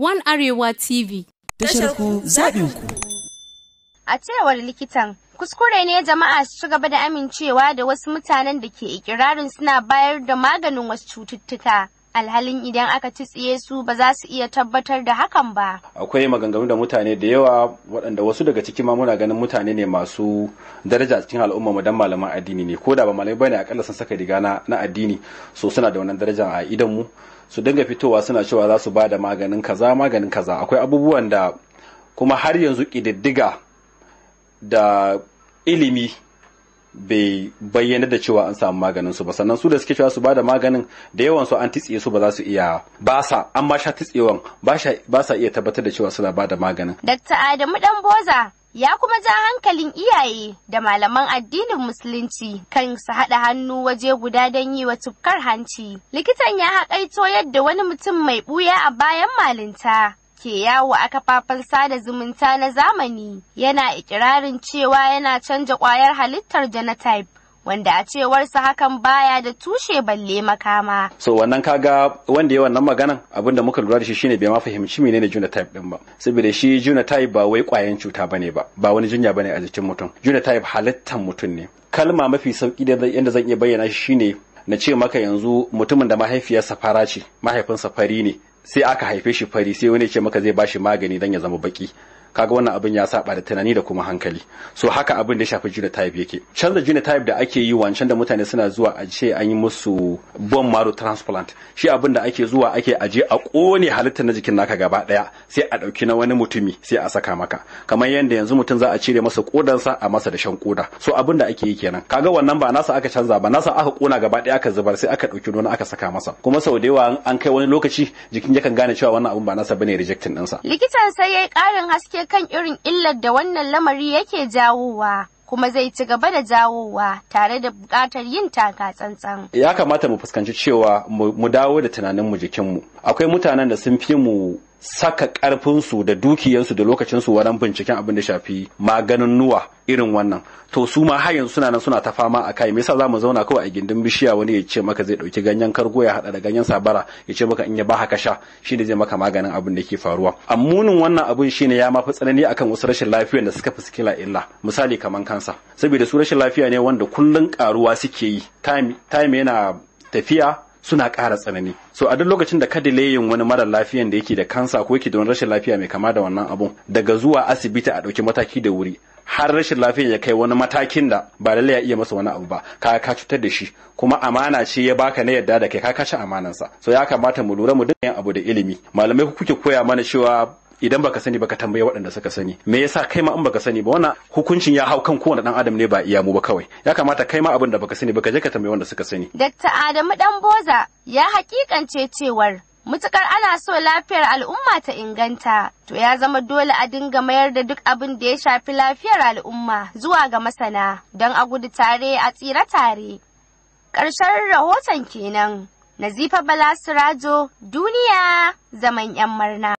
One Arewa TV. Tashar ku A cewar likitan, kuskure ne jama'a su ci gaba da amincewa da wasu mutanen da ke ikirarin suna bayar da maganin wasu cututtuka. alhalin idan aka ci tsiye su ba za su iya tabbatar da hakan ba. Akwai maganganu da mutane da yawa waɗanda wasu daga ciki ma muna ganin mutane ne masu daraja cikin al'umma mu dan malaman addini ne ko da ba malamai bane akalla sun saka riga na addini so suna da wannan darajar a idan mu su dinga fitowa suna cewa za su ba da maganin kaza maganin kaza akwai abubuwan da kuma har yanzu kididdiga da ilimi bai bayyana da cewa an samu maganin su ba sannan su da suke cewa su bada maganin da yawan su an titsiye su ba za su iya ba sa an ma sha titsewan ba sa iya tabbatar da cewa suna bada maganin Dr. Adamu Dan Boza ya kuma ja hankalin iyaye da malaman addinin musulunci kan su haɗa hannu waje guda don yi wa tufkar hanci likitan ya haƙaito yadda wani mutum mai ɓuya a bayan malinta ke yawo a kafafen sada zumunta na zamani yana ikirarin cewa yana canja kwayar halittar genotype wanda a cewarsa hakan baya da tushe balle makama. So wannan kaga wanda ya wannan maganan abin da muka lura da shi shine bai ma fahimci menene genotype din ba. Saboda shi genotype ba wai kwayan cuta bane ba, ba wani jinya bane a jikin mutum. Genotype halittan mutum ne. Kalma mafi sauki da yanda zan iya bayyana shi shine na ce maka yanzu mutumin da mahaifiyarsa fara ce mahaifinsa fari ne sai aka haife shi fari sai wani ce maka zai bashi magani dan ya zama baki kaga wannan abin ya saba da tunani da kuma hankali so haka abin da ya shafi genotype yake canza genotype da ake yi wancan da mutane suna zuwa a ce an yi musu bone marrow transplant shi abin da ake zuwa ake aje a kone halittar na jikin naka gaba daya sai a dauki na wani mutumi sai a saka maka kamar yadda yanzu mutum za a cire masa kodansa a masa da shan koda so abin da ake yi kenan kaga wannan ba nasa aka canza ba nasa aka kona gaba daya aka zubar sai aka dauki wani aka saka masa kuma sau da yawa an kai wani lokaci jikin yakan gane cewa wannan abin ba nasa bane rejecting ɗinsa likitan sai yayi karin haske bincike kan irin illar da wannan lamari yake jawowa. kuma zai ci gaba da jawowa tare da buƙatar yin taka tsantsan. Ya kamata mu fuskanci cewa mu dawo da tunanin mu jikinmu. Akwai mutanen da sun fi mu saka karfinsu da dukiyansu da lokacinsu wajen binciken abin da shafi maganin nuwa irin wannan to su ma har yanzu suna nan suna ta fama a kai me yasa zamu zauna kawai a gindin bishiya wani ya ce maka zai ɗauki ganyen kargo ya haɗa da ganyen sabara ya ce maka in ya ba haka sha Shi ne zai maka maganin abin da ke faruwa ammunin wannan abin shine ya mafi tsanani akan wasu rashin lafiyar da suka fi la illa misali kamar kansa saboda su rashin lafiya ne wanda kullun karuwa suke yi time time yana tafiya suna ƙara tsanani so a duk lokacin da ka layin wani mara lafiyan da yake da kansa ko yake da wani rashin lafiya mai kama da wannan abun daga zuwa asibiti a ɗauki mataki da wuri har rashin lafiya ya kai wani matakin da ba lallai ya iya masa wani abu ba ka ka cutar da shi kuma amana ce ya baka na yadda da kai ka kashe amanansa so ya kamata mu lura mu duk abu da ilimi malamai ku kuke koya mana cewa idan baka sani baka tambaye waɗanda suka sani me yasa kai ma in baka sani ba wannan hukuncin ya hau kan kowane dan adam ne ba iya mu ba kawai ya kamata kai ma abin da baka sani baka je ka tambaye wanda suka sani Dr. Adamu Dan Boza ya hakikance cewar mutukar ana so lafiyar al'umma ta inganta to ya zama dole a dinga mayar da duk abin da ya shafi lafiyar al'umma zuwa ga masana don a gudu tare a tsira tare ƙarshen rahoton kenan nazifa bala sirajo duniya zaman yan marna